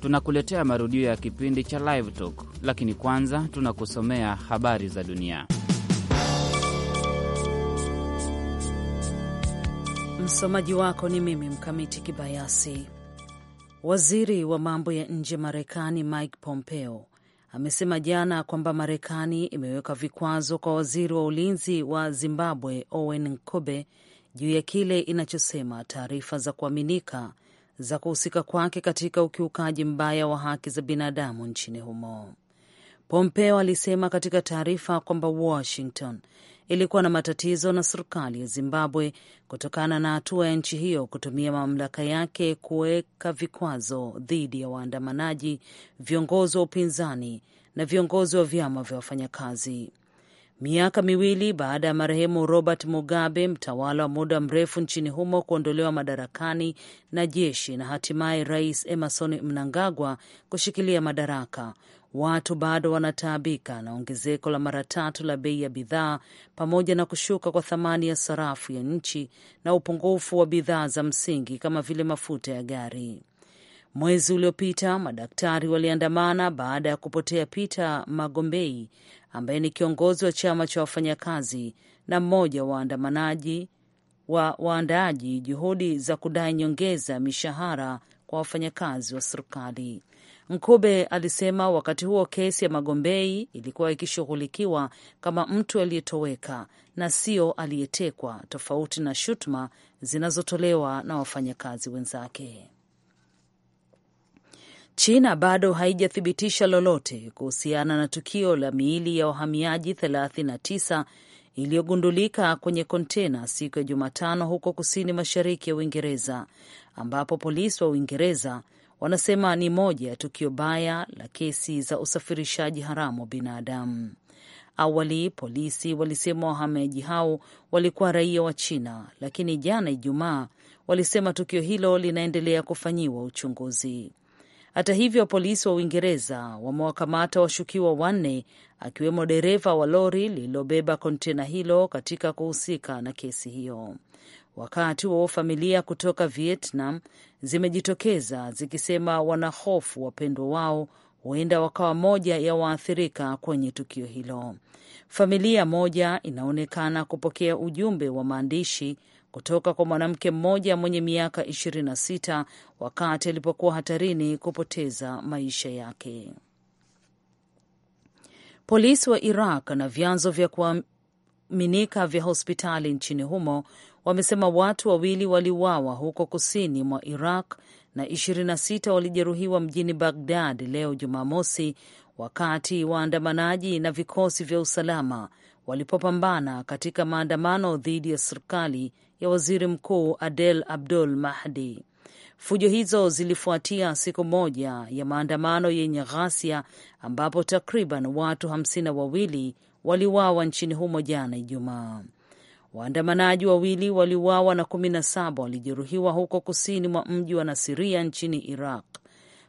tunakuletea marudio ya kipindi cha Live Talk, lakini kwanza tunakusomea habari za dunia. Msomaji wako ni mimi Mkamiti Kibayasi. Waziri wa mambo ya nje Marekani Mike Pompeo amesema jana kwamba Marekani imeweka vikwazo kwa waziri wa ulinzi wa Zimbabwe Owen Ncube juu ya kile inachosema taarifa za kuaminika za kuhusika kwake katika ukiukaji mbaya wa haki za binadamu nchini humo. Pompeo alisema katika taarifa kwamba Washington ilikuwa na matatizo na serikali ya Zimbabwe kutokana na hatua ya nchi hiyo kutumia mamlaka yake kuweka vikwazo dhidi ya waandamanaji, viongozi wa upinzani na viongozi wa vyama vya wafanyakazi miaka miwili baada ya marehemu Robert Mugabe, mtawala wa muda mrefu nchini humo, kuondolewa madarakani na jeshi na hatimaye Rais Emerson Mnangagwa kushikilia madaraka. Watu bado wanataabika na ongezeko la mara tatu la bei ya bidhaa pamoja na kushuka kwa thamani ya sarafu ya nchi na upungufu wa bidhaa za msingi kama vile mafuta ya gari. Mwezi uliopita madaktari waliandamana baada ya kupotea Peter Magombei ambaye ni kiongozi wa chama cha wafanyakazi na mmoja wa waandamanaji wa waandaaji juhudi za kudai nyongeza mishahara kwa wafanyakazi wa serikali. Mkube alisema wakati huo kesi ya Magombei ilikuwa ikishughulikiwa kama mtu aliyetoweka na sio aliyetekwa, tofauti na shutuma zinazotolewa na wafanyakazi wenzake. China bado haijathibitisha lolote kuhusiana na tukio la miili ya wahamiaji 39 iliyogundulika kwenye kontena siku ya Jumatano huko kusini mashariki ya Uingereza, ambapo polisi wa Uingereza wanasema ni moja ya tukio baya la kesi za usafirishaji haramu binadamu. Awali polisi walisema wahamiaji hao walikuwa raia wa China, lakini jana Ijumaa walisema tukio hilo linaendelea kufanyiwa uchunguzi. Hata hivyo, polisi wa Uingereza wamewakamata washukiwa wanne akiwemo dereva wa lori lililobeba kontena hilo katika kuhusika na kesi hiyo. Wakati wa familia kutoka Vietnam zimejitokeza zikisema wanahofu wapendwa wao huenda wakawa moja ya waathirika kwenye tukio hilo. Familia moja inaonekana kupokea ujumbe wa maandishi kutoka kwa mwanamke mmoja mwenye miaka 26 wakati alipokuwa hatarini kupoteza maisha yake. Polisi wa Iraq na vyanzo vya kuaminika vya hospitali nchini humo wamesema watu wawili waliuawa huko kusini mwa Iraq na 26 walijeruhiwa mjini Bagdad leo Jumamosi, wakati waandamanaji na vikosi vya usalama walipopambana katika maandamano dhidi ya serikali ya waziri mkuu Adel Abdul Mahdi. Fujo hizo zilifuatia siku moja ya maandamano yenye ghasia ambapo takriban watu hamsini na wawili waliuawa nchini humo jana Ijumaa. Waandamanaji wawili waliuawa na kumi na saba walijeruhiwa huko kusini mwa mji wa Nasiria nchini Iraq.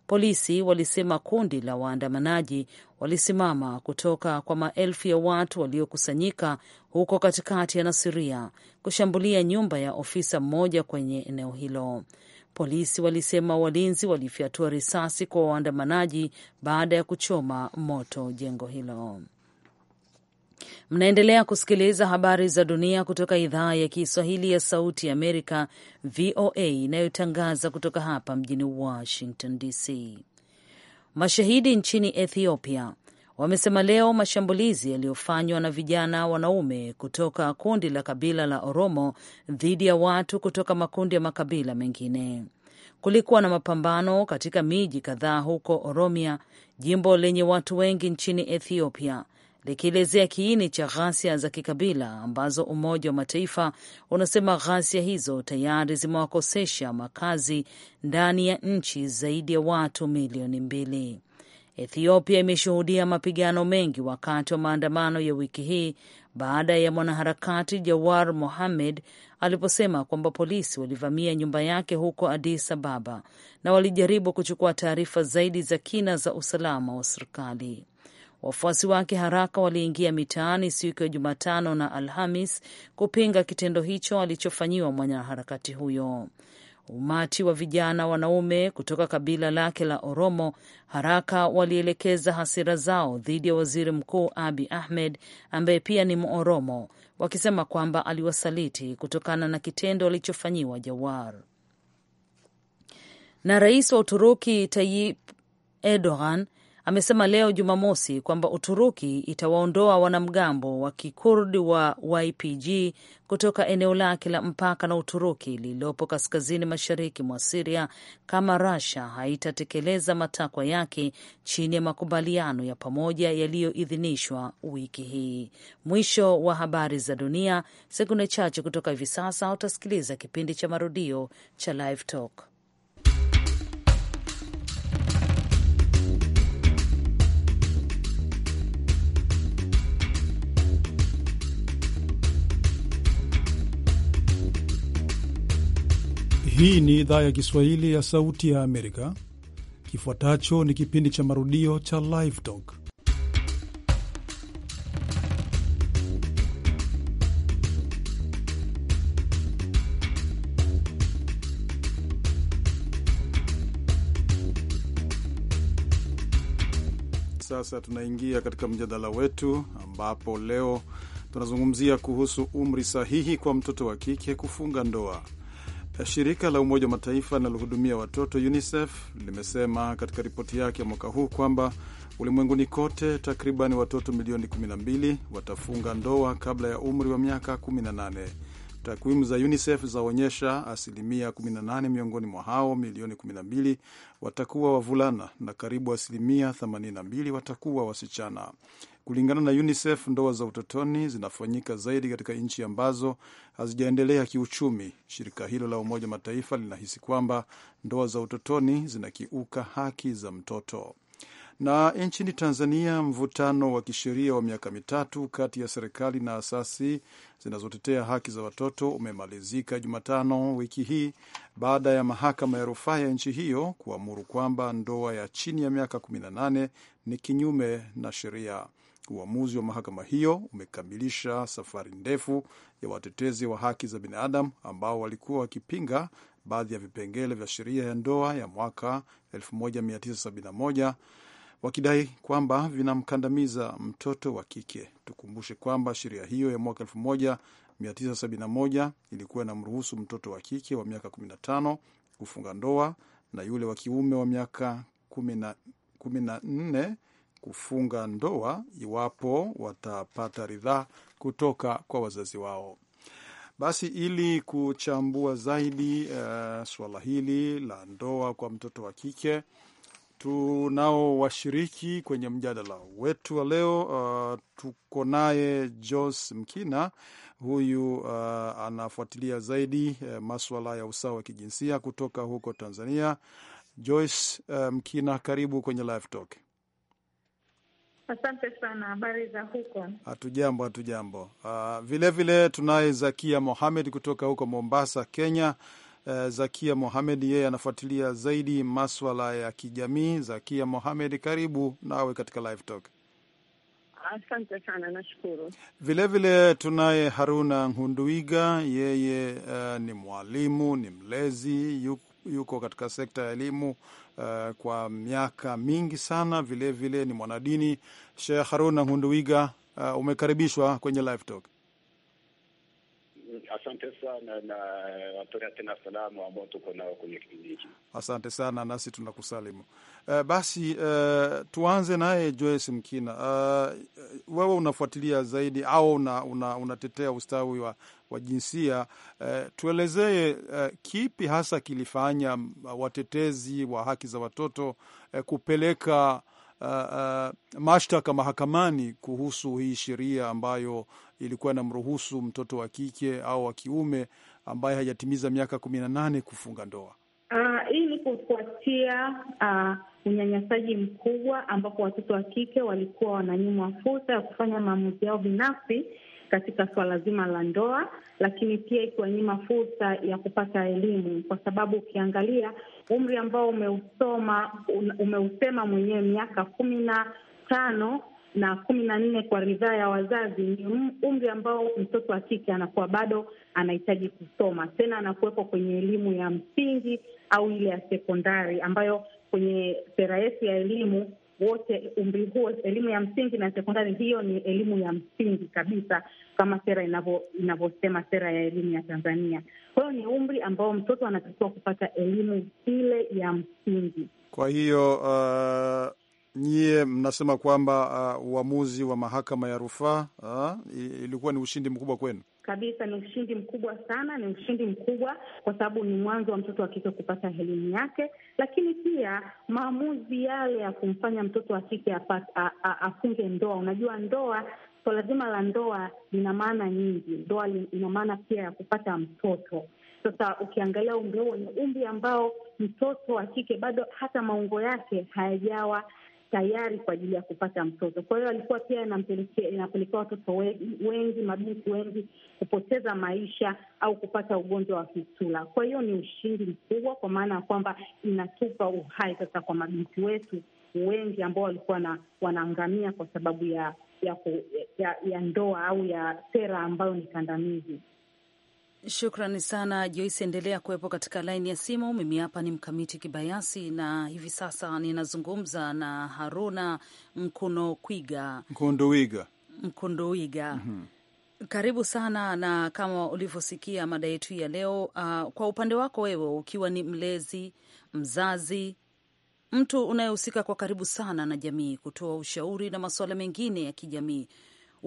Polisi walisema kundi la waandamanaji walisimama kutoka kwa maelfu ya watu waliokusanyika huko katikati ya Nasiria kushambulia nyumba ya ofisa mmoja kwenye eneo hilo. Polisi walisema walinzi walifyatua risasi kwa waandamanaji baada ya kuchoma moto jengo hilo. Mnaendelea kusikiliza habari za dunia kutoka idhaa ya Kiswahili ya Sauti ya Amerika, VOA, inayotangaza kutoka hapa mjini Washington DC. Mashahidi nchini Ethiopia wamesema leo mashambulizi yaliyofanywa na vijana wanaume kutoka kundi la kabila la Oromo dhidi ya watu kutoka makundi ya makabila mengine. Kulikuwa na mapambano katika miji kadhaa huko Oromia, jimbo lenye watu wengi nchini Ethiopia, likielezea kiini cha ghasia za kikabila ambazo Umoja wa Mataifa unasema ghasia hizo tayari zimewakosesha makazi ndani ya nchi zaidi ya watu milioni mbili. Ethiopia imeshuhudia mapigano mengi wakati wa maandamano ya wiki hii baada ya mwanaharakati Jawar Mohamed aliposema kwamba polisi walivamia nyumba yake huko Addis Ababa na walijaribu kuchukua taarifa zaidi za kina za usalama wa serikali. Wafuasi wake haraka waliingia mitaani siku ya Jumatano na Alhamis kupinga kitendo hicho alichofanyiwa mwanaharakati huyo. Umati wa vijana wanaume kutoka kabila lake la Oromo haraka walielekeza hasira zao dhidi ya waziri mkuu Abi Ahmed ambaye pia ni Mooromo, wakisema kwamba aliwasaliti kutokana na kitendo alichofanyiwa Jawar. Na rais wa Uturuki Tayyip Erdogan amesema leo Jumamosi kwamba Uturuki itawaondoa wanamgambo wa kikurdi wa YPG kutoka eneo lake la mpaka na Uturuki lililopo kaskazini mashariki mwa Siria kama Russia haitatekeleza matakwa yake chini ya makubaliano ya pamoja yaliyoidhinishwa wiki hii. Mwisho wa habari za dunia. Sekunde chache kutoka hivi sasa utasikiliza kipindi cha marudio cha Live Talk. Hii ni idhaa ya Kiswahili ya Sauti ya Amerika. Kifuatacho ni kipindi cha marudio cha Live Talk. Sasa tunaingia katika mjadala wetu ambapo leo tunazungumzia kuhusu umri sahihi kwa mtoto wa kike kufunga ndoa. Shirika la Umoja wa Mataifa linalohudumia watoto UNICEF limesema katika ripoti yake ya mwaka huu kwamba ulimwenguni kote takriban watoto milioni 12 watafunga ndoa kabla ya umri wa miaka 18. Takwimu za UNICEF zaonyesha asilimia 18 miongoni mwa hao milioni 12 watakuwa wavulana na karibu asilimia 82 watakuwa wasichana. Kulingana na UNICEF, ndoa za utotoni zinafanyika zaidi katika nchi ambazo hazijaendelea kiuchumi. Shirika hilo la Umoja Mataifa linahisi kwamba ndoa za utotoni zinakiuka haki za mtoto. Na nchini Tanzania, mvutano wa kisheria wa miaka mitatu kati ya serikali na asasi zinazotetea haki za watoto umemalizika Jumatano wiki hii baada ya mahakama ya rufaa ya nchi hiyo kuamuru kwamba ndoa ya chini ya miaka 18 ni kinyume na sheria. Uamuzi wa mahakama hiyo umekamilisha safari ndefu ya watetezi wa haki za binadamu ambao walikuwa wakipinga baadhi ya vipengele vya sheria ya ndoa ya mwaka 1971 wakidai kwamba vinamkandamiza mtoto wa kike. Tukumbushe kwamba sheria hiyo ya mwaka 1971 ilikuwa inamruhusu mtoto wa kike wa miaka 15 kufunga ndoa na yule wa kiume wa miaka 14 kufunga ndoa iwapo watapata ridhaa kutoka kwa wazazi wao. Basi ili kuchambua zaidi uh, eh, suala hili la ndoa kwa mtoto wa kike tunao washiriki kwenye mjadala wetu wa leo. Uh, tuko naye Jos Mkina, huyu uh, anafuatilia zaidi uh, maswala ya usawa wa kijinsia kutoka huko Tanzania. Joyce uh, Mkina, karibu kwenye Live Talk. Asante sana. Habari za huko? Hatujambo, hatujambo. Uh, ah, vilevile tunaye Zakia Mohamed kutoka huko Mombasa, Kenya. Uh, Zakia Mohamed yeye anafuatilia zaidi maswala ya kijamii. Zakia Mohamed, karibu nawe katika Live Talk. Asante sana, nashukuru. Vilevile tunaye Haruna Ngunduiga, yeye uh, ni mwalimu, ni mlezi, yuko yuko katika sekta ya elimu uh, kwa miaka mingi sana, vilevile vile ni mwanadini. Sheikh Haruna Ngunduwiga, uh, eh, umekaribishwa kwenye Live Talk asante sana na watolea tena salamu ambao tuko nao kwenye kipindi hiki. Asante sana nasi tunakusalimu. Uh, basi uh, tuanze naye Joyce Mkina. Uh, wewe unafuatilia zaidi au unatetea una, unatetea ustawi wa, wa jinsia uh, tuelezee uh, kipi hasa kilifanya watetezi wa haki za watoto uh, kupeleka Uh, uh, mashtaka mahakamani kuhusu hii sheria ambayo ilikuwa inamruhusu mtoto wa kike au wa kiume ambaye hajatimiza miaka kumi na nane kufunga ndoa. Uh, hii ni kufuatia uh, unyanyasaji mkubwa ambapo watoto wa kike walikuwa wananyimwa fursa ya kufanya maamuzi yao binafsi katika swala zima la ndoa, lakini pia ikiwanyima fursa ya kupata elimu, kwa sababu ukiangalia umri ambao umeusoma umeusema mwenyewe miaka kumi na tano na kumi na nne kwa ridhaa ya wazazi, ni umri ambao mtoto wa kike anakuwa bado anahitaji kusoma tena, anakuwepo kwenye elimu ya msingi au ile ya sekondari, ambayo kwenye sera yetu ya elimu wote umri huo, elimu ya msingi na sekondari, hiyo ni elimu ya msingi kabisa, kama sera inavyosema, sera ya elimu ya Tanzania. Kwa hiyo ni umri ambao mtoto anatakiwa kupata elimu ile ya msingi. Kwa hiyo uh nyie mnasema kwamba uh, uamuzi wa mahakama ya rufaa uh, ilikuwa ni ushindi mkubwa kwenu? Kabisa, ni ushindi mkubwa sana, ni ushindi mkubwa kwa sababu ni mwanzo wa mtoto wa kike kupata elimu yake, lakini pia maamuzi yale ya kumfanya mtoto wa kike afunge ndoa. Unajua, ndoa swala so zima la ndoa lina maana nyingi. Ndoa ina maana pia ya kupata mtoto. Sasa ukiangalia umri huo, ni umri ambao mtoto wa kike bado hata maungo yake hayajawa tayari kwa ajili ya kupata mtoto. Kwa hiyo alikuwa pia inapelekea watoto wengi, mabinti wengi kupoteza maisha au kupata ugonjwa wa kisula. Kwa hiyo ni ushindi mkubwa, kwa maana ya kwamba inatupa uhai sasa kwa mabinti wetu wengi ambao walikuwa wanaangamia kwa sababu ya ya, ya ya ndoa au ya sera ambayo ni kandamizi. Shukrani sana Joyce, endelea kuwepo katika laini ya simu. Mimi hapa ni Mkamiti Kibayasi na hivi sasa ninazungumza na Haruna Mkunokwiga Mkunduwiga Mkunduwiga. mm -hmm. Karibu sana, na kama ulivyosikia mada yetu ya leo uh, kwa upande wako wewe ukiwa ni mlezi, mzazi, mtu unayehusika kwa karibu sana na jamii, kutoa ushauri na masuala mengine ya kijamii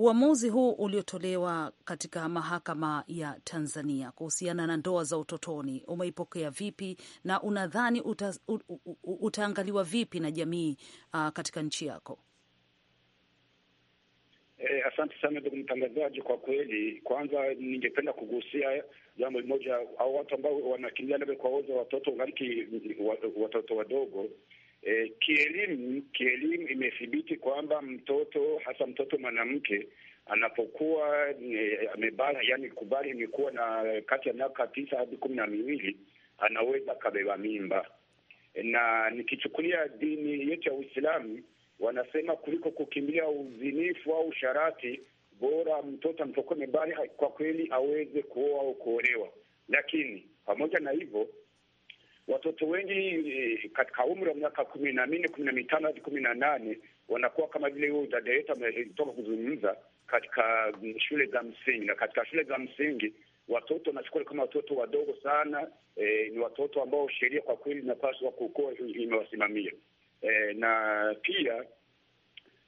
Uamuzi huu uliotolewa katika mahakama ya Tanzania kuhusiana na ndoa za utotoni umeipokea vipi na unadhani uta, utaangaliwa vipi na jamii uh, katika nchi yako? E, asante sana ndugu mtangazaji. Kwa kweli, kwanza ningependa kugusia jambo limoja au watu ambao wanakimbia labda kuwaoza watoto ngariki watoto wadogo E, kielimu kielimu imethibiti kwamba mtoto hasa mtoto mwanamke anapokuwa eh, amebala, yani kubali ni kuwa na kati ya miaka tisa hadi kumi na miwili anaweza kabeba mimba, na nikichukulia dini yetu ya Uislamu wanasema kuliko kukimbilia uzinifu au sharati, bora mtoto anapokuwa amebali kwa kweli aweze kuoa au kuolewa. Lakini pamoja na hivyo watoto wengi eh, katika umri wa miaka kumi na minne kumi na mitano hadi kumi na nane wanakuwa kama vile huyo dada yetu ametoka kuzungumza katika mm, shule za msingi, na katika shule za msingi watoto nafikiri kama watoto wadogo sana e, ni watoto ambao sheria kwa kweli inapaswa kukoa imewasimamia e, na pia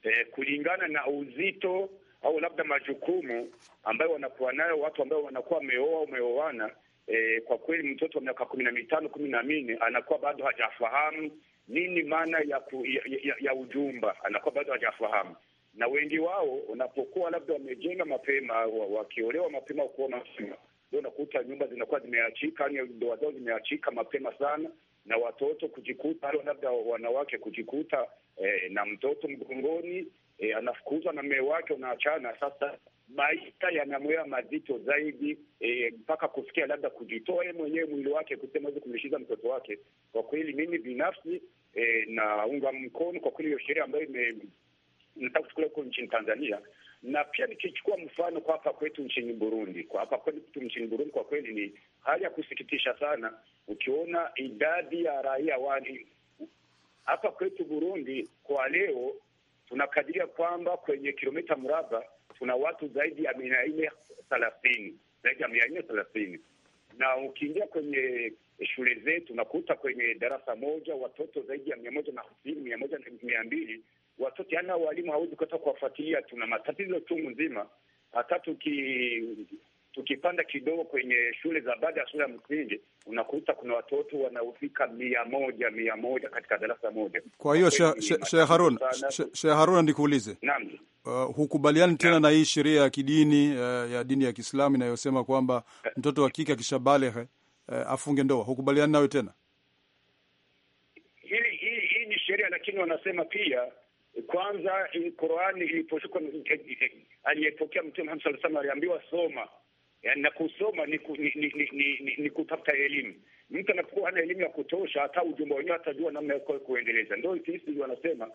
e, kulingana na uzito au labda majukumu ambayo wanakuwa nayo watu ambao wanakuwa wameoa wameoana, e, kwa kweli mtoto wa miaka kumi na mitano kumi na minne anakuwa bado hajafahamu nini maana ya, ku, ya, ya, ya ujumba, anakuwa bado hajafahamu. Na wengi wao unapokuwa labda wamejenga mapema wakiolewa mapema, ukuoa mapema, ndio unakuta nyumba zinakuwa zimeachika, ndoa zao zimeachika mapema sana, na watoto kujikuta au labda wanawake kujikuta eh, na mtoto mgongoni eh, anafukuzwa na mume wake, unaachana sasa maisha yanamwea mazito zaidi e, mpaka e, kufikia labda kujitoa yeye mwenyewe mwili wake kusema weze kumlishiza mtoto wake. Kwa kweli mimi binafsi e, naunga mkono kwa kweli hiyo sheria ambayo inataka kuchukuliwa huko nchini Tanzania na pia nikichukua mfano kwa hapa kwetu nchini Burundi, kwa hapa kwetu nchini Burundi, kwa kweli ni hali ya kusikitisha sana, ukiona idadi ya raia wani hapa kwetu Burundi kwa leo tunakadiria kwamba kwenye kilomita mraba kuna watu zaidi ya mia nne thelathini zaidi ya mia nne thelathini na ukiingia kwenye shule zetu nakuta kwenye darasa moja watoto zaidi ya mia moja na hamsini mia moja na mia mbili watoto yana walimu hawezi kuweza kuwafuatilia. Tuna matatizo tu mzima hata tuki tukipanda kidogo kwenye shule za baada ya shule ya msingi unakuta kuna watoto wanaofika mia moja mia moja katika darasa moja. Kwa hiyo Sheikh Harun, Sheikh Harun, nikuulize, naam, uh, hukubaliani tena na hii sheria ya kidini uh, ya dini ya Kiislamu inayosema kwamba eh. mtoto wa kike uh, afunge ndoa? Hukubaliani nayo tena? Hii ni sheria, lakini wanasema pia kwanza Qur'ani iliposhuka eh, eh, aliyepokea Mtume Muhammad sallallahu alaihi wasallam aliambiwa soma yani, na kusoma ni, ku, ni, ni, ni, ni, ni, ni kutafuta elimu. Mtu anapokuwa hana elimu ya kutosha, hata ujumbe wenyewe atajua namna ya kuendeleza. Ndio sisi wanasema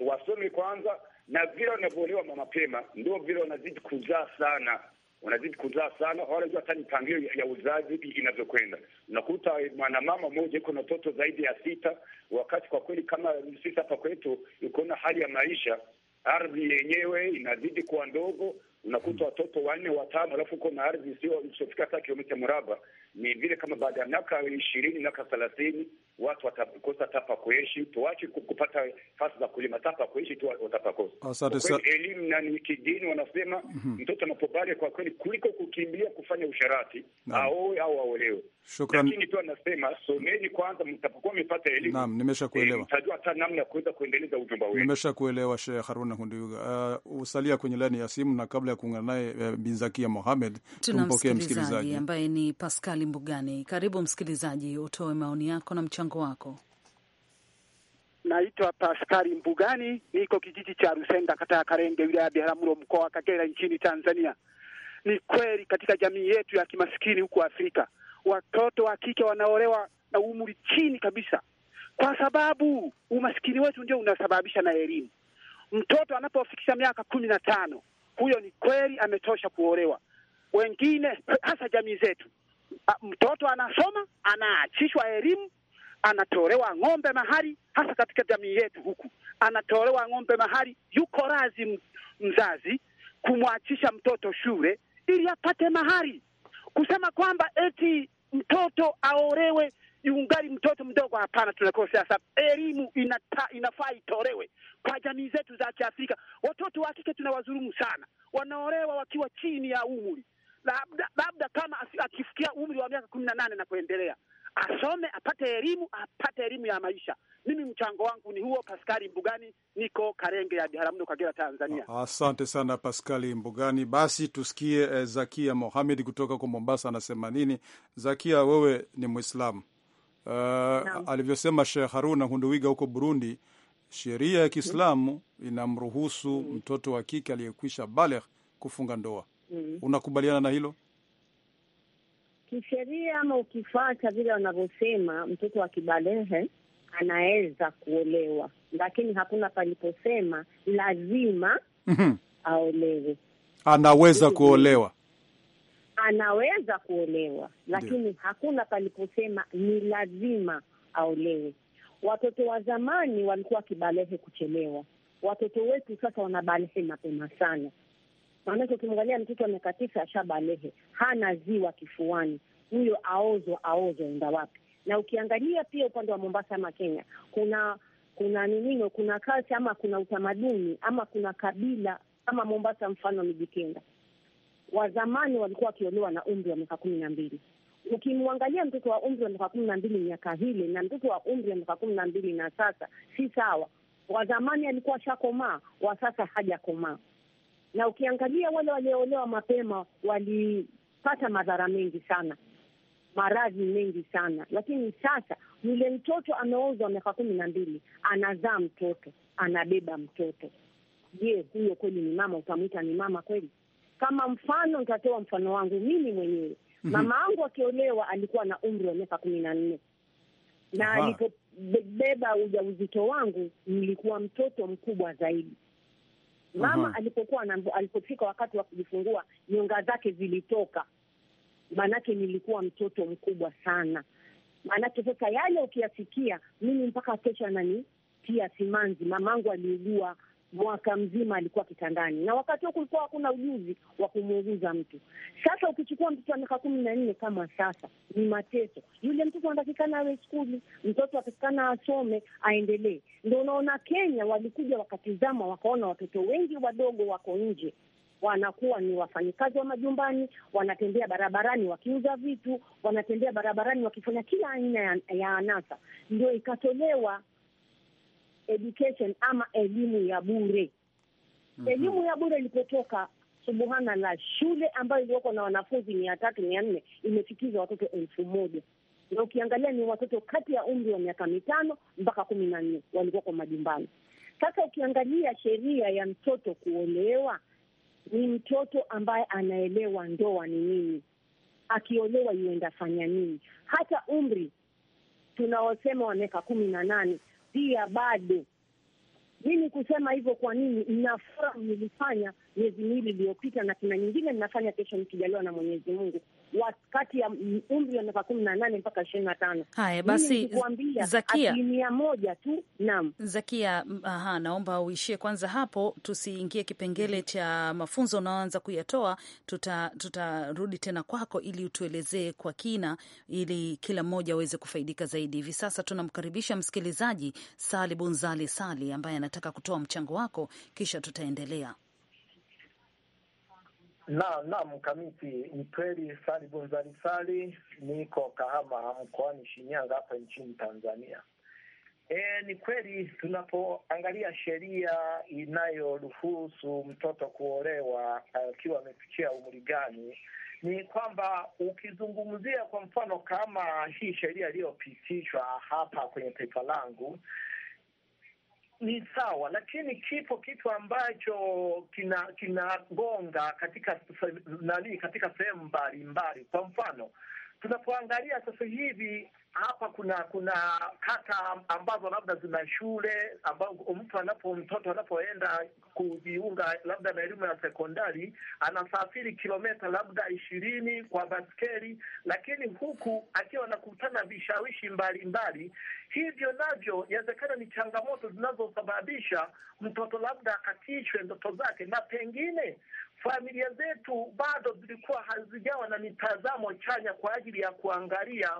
wasome kwanza, na vile wanavyoolewa mapema, ndio vile wanazidi kuzaa sana wanazidi kuzaa sana, hawajua hata mipangilio ya uzazi inavyokwenda. Unakuta eh, mwanamama mmoja iko na watoto zaidi ya sita, wakati kwa kweli kama sisi hapa kwetu, ukiona hali ya maisha, ardhi yenyewe inazidi kuwa ndogo, unakuta watoto wanne watano, alafu uko na ardhi sio isiofika hata kilomita mraba ni vile kama baada ya miaka ishirini miaka thelathini watu watakosa tapa kuishi, tuache kupata fasi za kulima tapa kuishi tu watapakosa. Asante sana. Elimu na ni kidini wanasema mm -hmm. Mtoto anapobali kwa kweli kuliko kukimbia kufanya usharati aoe au aolewe. Shukrani. Lakini tu anasema someni kwanza, mtapokuwa mmepata elimu. Naam, nimeshakuelewa. Eh, mtajua hata namna ya kuweza kuendeleza ujumba wenu. kuelewa Sheikh Haruna Hundiuga. Uh, usalia kwenye laini ya simu na kabla ya kuungana naye uh, eh, Binzakia Mohamed tumpokee msikilizaji ambaye ni Pascal ali Mbugani. Karibu msikilizaji, utoe maoni yako na mchango wako. Naitwa Paskari Mbugani, niko kijiji cha Rusenda, kata ya Karenge, wilaya ya Biharamulo, mkoa wa Kagera, nchini Tanzania. Ni kweli katika jamii yetu ya kimaskini huku Afrika, watoto wa kike wanaolewa na umri chini kabisa, kwa sababu umaskini wetu ndio unasababisha na elimu. Mtoto anapofikisha miaka kumi na tano, huyo ni kweli ametosha kuolewa. Wengine hasa jamii zetu Ah, mtoto anasoma, anaachishwa elimu, anatolewa ng'ombe mahali, hasa katika jamii yetu huku, anatolewa ng'ombe mahali. Yuko razi mzazi kumwachisha mtoto shule ili apate mahali. Kusema kwamba eti mtoto aolewe yungali mtoto mdogo, hapana, tunakosea Sasa Elimu inafaa itolewe kwa jamii zetu za Kiafrika. Watoto wa kike tunawazulumu sana, wanaolewa wakiwa chini ya umri labda labda kama akifikia umri wa miaka kumi na nane na kuendelea asome apate elimu, apate elimu ya maisha. Mimi mchango wangu ni huo. Paskali Mbugani, niko Karenge ya Biharamulo, Kagera, Tanzania. Ah, asante sana Paskali Mbugani. Basi tusikie eh, Zakia Mohamed kutoka kwa Mombasa anasema nini. Zakia, wewe ni Mwislamu. Uh, eh, alivyosema sheh Haruna Hunduwiga huko Burundi, sheria ya Kiislamu inamruhusu mm. mtoto wa kike aliyekwisha baleh kufunga ndoa mm. Unakubaliana na hilo? Kisheria ama ukifata vile wanavyosema, mtoto wa kibalehe anaweza kuolewa, lakini hakuna paliposema lazima mm -hmm. aolewe. Anaweza mm-hmm. kuolewa, anaweza kuolewa, lakini Deo. hakuna paliposema ni lazima aolewe. Watoto wa zamani walikuwa wakibalehe kuchelewa, watoto wetu sasa wanabalehe mapema sana. Maanake ukimwangalia mtoto wa miaka tisa ashabalehe, hana ziwa kifuani, huyo aozo aozo enda wapi? Na ukiangalia pia upande wa Mombasa ama Kenya, kuna kuna ninino, kuna kasi ama kuna utamaduni ama kuna kabila kama Mombasa, mfano Mijikenda wazamani walikuwa wakiolewa na umri wa miaka kumi na mbili. Ukimwangalia mtoto wa umri wa miaka kumi na mbili miaka hile na mtoto wa umri wa miaka kumi na mbili na sasa si sawa. wazamani alikuwa shakomaa, wa sasa hajakomaa na ukiangalia wale walioolewa mapema walipata madhara mengi sana, maradhi mengi sana. Lakini sasa yule mtoto ameozwa miaka kumi na mbili, anazaa mtoto, anabeba mtoto. Je, huyo kweli ni mama? Utamwita ni mama kweli? Kama mfano nitatoa mfano wangu mimi mwenyewe. Mhm. Mama angu akiolewa alikuwa na umri wa miaka kumi na nne na alipobeba ujauzito wangu nilikuwa mtoto mkubwa zaidi. Mama uh -huh. alipokuwa alipofika wakati wa kujifungua nyonga zake zilitoka, maanake nilikuwa mtoto mkubwa sana. Maanake sasa yale ukiyasikia, mimi mpaka kesho ananitia simanzi. Mamangu aliugua mwaka mzima alikuwa kitandani, na wakati huo kulikuwa hakuna ujuzi wa kumuuguza mtu. Sasa ukichukua mtoto wa miaka kumi na nne kama sasa, ni mateso. Yule mtoto anatakikana awe skuli, mtoto atakikana asome, aendelee. Ndo unaona Kenya walikuja wakatizama, wakaona watoto wengi wadogo wako nje wanakuwa ni wafanyikazi wa majumbani, wanatembea barabarani wakiuza vitu, wanatembea barabarani wakifanya kila aina ya, ya anasa. Ndio ikatolewa education ama elimu ya bure. Mm -hmm. Elimu ya bure ilipotoka, subuhana la shule ambayo iliyoko na wanafunzi mia tatu mia nne imefikiza watoto elfu moja na ukiangalia ni watoto kati ya umri wa miaka mitano mpaka kumi na nne walikuwako majumbani. Sasa ukiangalia sheria ya mtoto kuolewa, ni mtoto ambaye anaelewa ndoa ni nini, akiolewa yuenda fanya nini. Hata umri tunaosema wa miaka kumi na nane haijamalizia bado. Mimi kusema hivyo, kwa nini? Ninafahamu nilifanya miezi miwili iliyopita, na kuna nyingine ninafanya kesho nikijaliwa na Mwenyezi Mungu, kati ya umri wa miaka kumi na nane mpaka ishirini na tano. Haya basi, Zakia, asilimia moja tu. Naam, Zakia, aha, naomba uishie kwanza hapo, tusiingie kipengele mhm. cha mafunzo unaoanza kuyatoa. Tutarudi tuta tena kwako ili utuelezee kwa kina, ili kila mmoja aweze kufaidika zaidi. Hivi sasa tunamkaribisha msikilizaji Sali Bunzali Sali ambaye anataka kutoa mchango wako, kisha tutaendelea. Na naam, Kamiti, ni kweli. Sali Bunzari Sali, niko Kahama mkoani Shinyanga hapa nchini Tanzania. E, ni kweli tunapoangalia sheria inayoruhusu mtoto kuolewa eh, akiwa amefikia umri gani, ni kwamba ukizungumzia kwa mfano kama hii sheria iliyopitishwa hapa kwenye taifa langu ni sawa, lakini kipo kitu ambacho kina kinagonga katika nani, katika sehemu mbalimbali. Kwa mfano tunapoangalia sasa hivi hapa kuna kuna kata ambazo labda zina shule ambao mtu anapo mtoto anapoenda kujiunga labda na elimu ya sekondari anasafiri kilomita labda ishirini kwa baskeli, lakini huku akiwa anakutana vishawishi mbalimbali. Hivyo navyo inawezekana ni changamoto zinazosababisha mtoto labda akatishwe ndoto zake, na pengine familia zetu bado zilikuwa hazijawa na mitazamo chanya kwa ajili ya kuangalia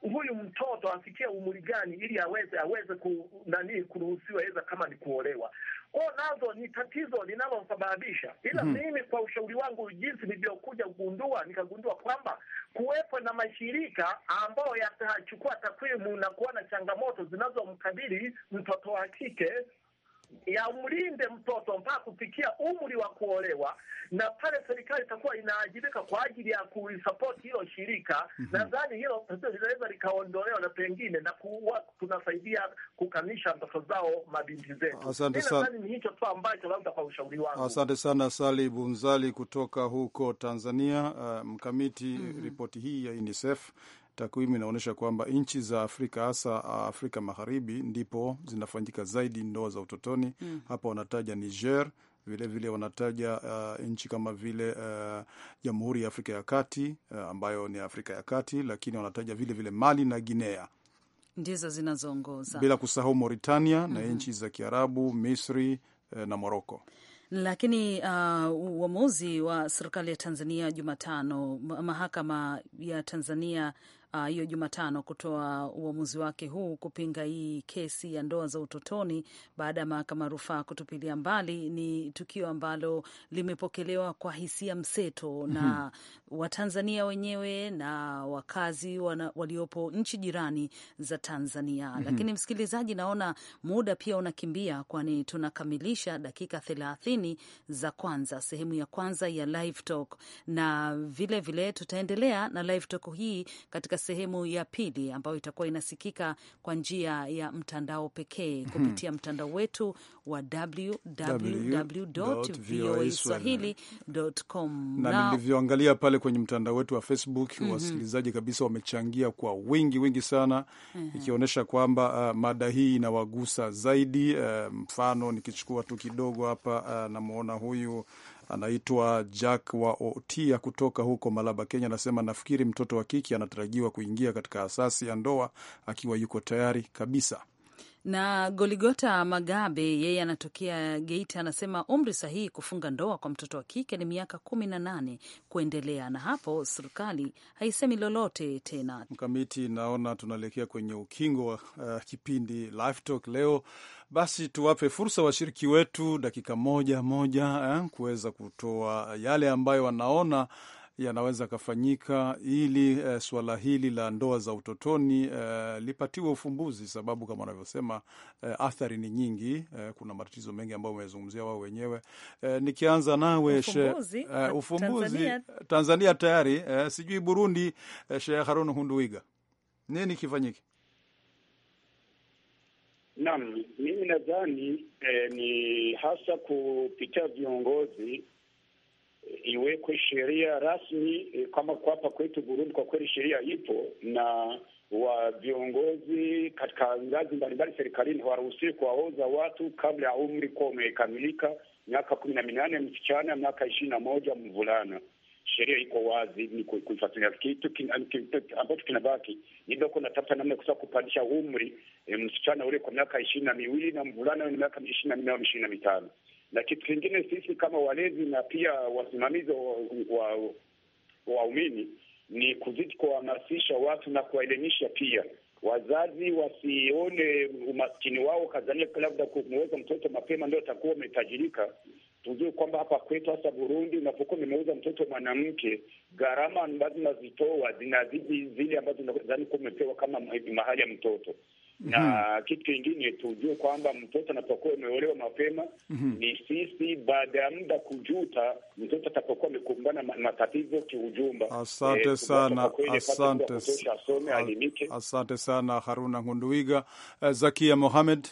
huyu mtoto afikie umri gani ili aweze aweze ku, nani kuruhusiwa eza kama ni kuolewa. Ko nazo ni tatizo linalosababisha, ila mm -hmm. Mimi kwa ushauri wangu jinsi nilivyokuja kugundua, nikagundua kwamba kuwepo na mashirika ambayo yatachukua takwimu na kuona changamoto zinazomkabili mtoto wa kike ya umlinde mtoto mpaka kufikia umri wa kuolewa, na pale serikali itakuwa inaajibika kwa ajili ya kuisapoti hilo shirika. mm -hmm. Nadhani hilo tatizo linaweza likaondolewa na pengine na kuwa tunasaidia kukamisha ndoto zao mabinti zetu. Asante sana, ni hicho tu ambacho labda kwa ushauri wangu. Asante sana Sali Bunzali kutoka huko Tanzania. Uh, mkamiti mm -hmm. ripoti hii ya UNICEF Takwimu inaonyesha kwamba nchi za Afrika hasa ah, Afrika Magharibi ndipo zinafanyika zaidi ndoa za utotoni mm. Hapa wanataja Niger, vilevile vile wanataja uh, nchi kama vile ah, Jamhuri uh, ya Afrika ya Kati uh, ambayo ni Afrika ya Kati, lakini wanataja vilevile vile Mali na Guinea ndizo zinazoongoza, bila kusahau Mauritania mm -hmm. na mm-hmm. nchi za Kiarabu, Misri uh, na Moroko lakini uh, uamuzi wa serikali ya Tanzania Jumatano, mahakama ya Tanzania Uh, hiyo uh, Jumatano kutoa uamuzi wake huu kupinga hii kesi ya ndoa za utotoni baada ya mahakama rufaa kutupilia mbali. Ni tukio ambalo limepokelewa kwa hisia mseto mhm. na mm -hmm. Watanzania wenyewe na wakazi wana, waliopo nchi jirani za Tanzania mm -hmm. Lakini msikilizaji, naona muda pia unakimbia, kwani tunakamilisha dakika thelathini za kwanza sehemu ya kwanza ya Live Talk na vilevile vile tutaendelea na Live Talk hii katika katika sehemu ya pili ambayo itakuwa inasikika kwa njia ya mtandao pekee mhm. kupitia mtandao wetu wa www.voaswahili.com. Na nilivyoangalia pale kwenye mtandao wetu wa Facebook mm -hmm. wasikilizaji kabisa wamechangia kwa wingi wingi sana mhm. ikionyesha kwamba uh, mada hii inawagusa zaidi. Uh, mfano nikichukua tu kidogo hapa uh, namwona huyu anaitwa Jack wa Otia kutoka huko Malaba, Kenya, anasema nafikiri mtoto wa kike anatarajiwa kuingia katika asasi ya ndoa akiwa yuko tayari kabisa na Goligota Magabe yeye anatokea Geita, anasema umri sahihi kufunga ndoa kwa mtoto wa kike ni miaka kumi na nane kuendelea, na hapo serikali haisemi lolote tena. Mkamiti, naona tunaelekea kwenye ukingo wa uh, kipindi Live Talk leo basi tuwape fursa washiriki wetu dakika moja moja, eh, kuweza kutoa yale ambayo wanaona yanaweza kafanyika ili eh, suala hili la ndoa za utotoni eh, lipatiwe ufumbuzi, sababu kama wanavyosema eh, athari ni nyingi eh, kuna matatizo mengi ambayo wamezungumzia wao wenyewe eh, nikianza nawe ufumbuzi, eh, ufumbuzi Tanzania, Tanzania tayari eh, sijui Burundi eh, Sheikh Harun Hunduiga, nini kifanyike? Naam, mimi nadhani eh, ni hasa kupitia viongozi eh, iwekwe sheria rasmi eh, kama kwa hapa kwetu Burundi, kwa kweli sheria ipo na wa viongozi katika ngazi mbalimbali serikalini hawaruhusiwi kuwaoza watu kabla ya umri kuwa umekamilika miaka kumi na minane msichana, miaka ishirini na moja mvulana sheria iko wazi, ni kuifuatilia. Kitu ambacho kinabaki ni ndio kuna tafuta namna ya kupandisha umri e, msichana ule kwa miaka ishirini na miwili na mvulana ule miaka ishirini na minne au ishirini na mitano. Na kitu kingine sisi kama walezi na pia wasimamizi wa waumini wa ni kuzidi kuhamasisha watu na kuwaelimisha pia wazazi wasione umaskini wao, kadhania labda kumweza mtoto mapema ndio atakuwa ametajirika, tujue kwamba hapa kwetu hasa Burundi, unapokuwa nimeuza mtoto mwanamke, gharama ambazo nazitoa zinazidi zile ambazo nadhani kuwa umepewa kama mahali ya mtoto mm -hmm. Na mhm. kitu kingine tujue kwamba mtoto anapokuwa umeolewa mapema mm -hmm. Ni sisi baada ya muda kujuta mtoto atakapokuwa amekumbana na matatizo kiujumba. Asante eh, sana, asante, asante sana Haruna Ngunduiga. Eh, Zakia Mohamed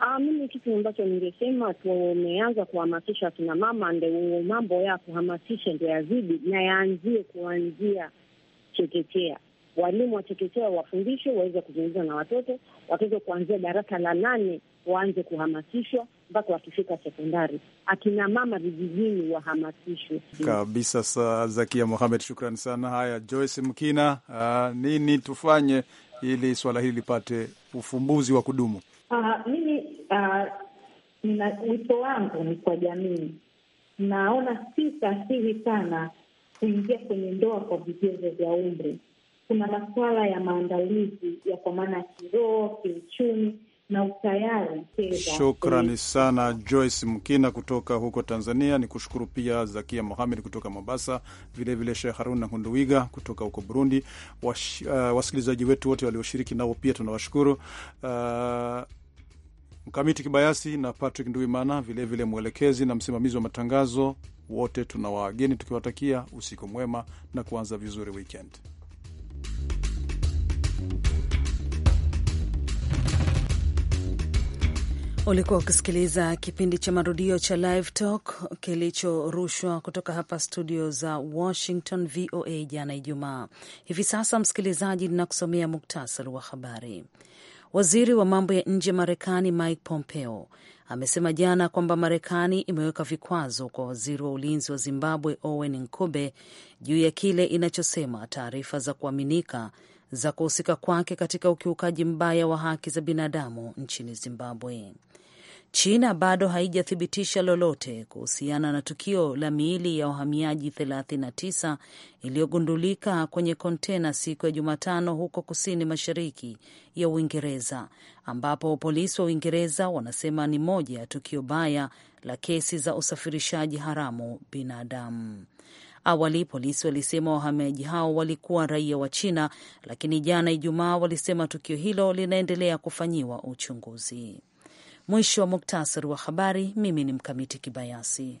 Ah, mimi kitu ambacho ningesema tumeanza kuhamasisha akina mama, ndio mambo ya kuhamasisha ndio yazidi na yaanzie kuanzia chekechea. Walimu wa chekechea wafundishwe, waweze kuzungumza na watoto. Watoto kuanzia darasa la nane waanze kuhamasishwa mpaka wakifika sekondari. Akina mama vijijini wahamasishwe kabisa. Sa Zakia Mohamed, shukran sana. Haya, Joyce Mkina, uh, nini tufanye ili swala hili lipate ufumbuzi wa kudumu? Ah, nina wito wangu ni kwa jamii, naona si sahihi sana kuingia kwenye ndoa kwa vigezo vya umri. Kuna masuala ya maandalizi ya kwa maana ya kiroho, kiuchumi na utayari fedha. Shukrani sana Joyce Mkina kutoka huko Tanzania. Ni kushukuru pia Zakia Mohamed kutoka Mombasa, vilevile Sheikh na Hunduwiga kutoka huko Burundi. Was, uh, wasikilizaji wetu wote walioshiriki nao pia tunawashukuru uh, Mkamiti Kibayasi na Patrick Nduimana, vilevile mwelekezi na msimamizi wa matangazo. Wote tuna wageni tukiwatakia usiku mwema na kuanza vizuri wikendi. Ulikuwa ukisikiliza kipindi cha marudio cha Live Talk kilichorushwa kutoka hapa studio za Washington, VOA, jana Ijumaa. Hivi sasa, msikilizaji, ninakusomea muktasari wa habari. Waziri wa mambo ya nje Marekani Mike Pompeo amesema jana kwamba Marekani imeweka vikwazo kwa waziri wa ulinzi wa Zimbabwe Owen Ncube juu ya kile inachosema taarifa za kuaminika za kuhusika kwake katika ukiukaji mbaya wa haki za binadamu nchini Zimbabwe. China bado haijathibitisha lolote kuhusiana na tukio la miili ya wahamiaji 39 iliyogundulika kwenye kontena siku ya Jumatano huko kusini mashariki ya Uingereza, ambapo polisi wa Uingereza wanasema ni moja ya tukio baya la kesi za usafirishaji haramu binadamu. Awali polisi walisema wahamiaji hao walikuwa raia wa China, lakini jana Ijumaa walisema tukio hilo linaendelea kufanyiwa uchunguzi. Mwisho wa muktasari wa habari. Mimi ni Mkamiti Kibayasi.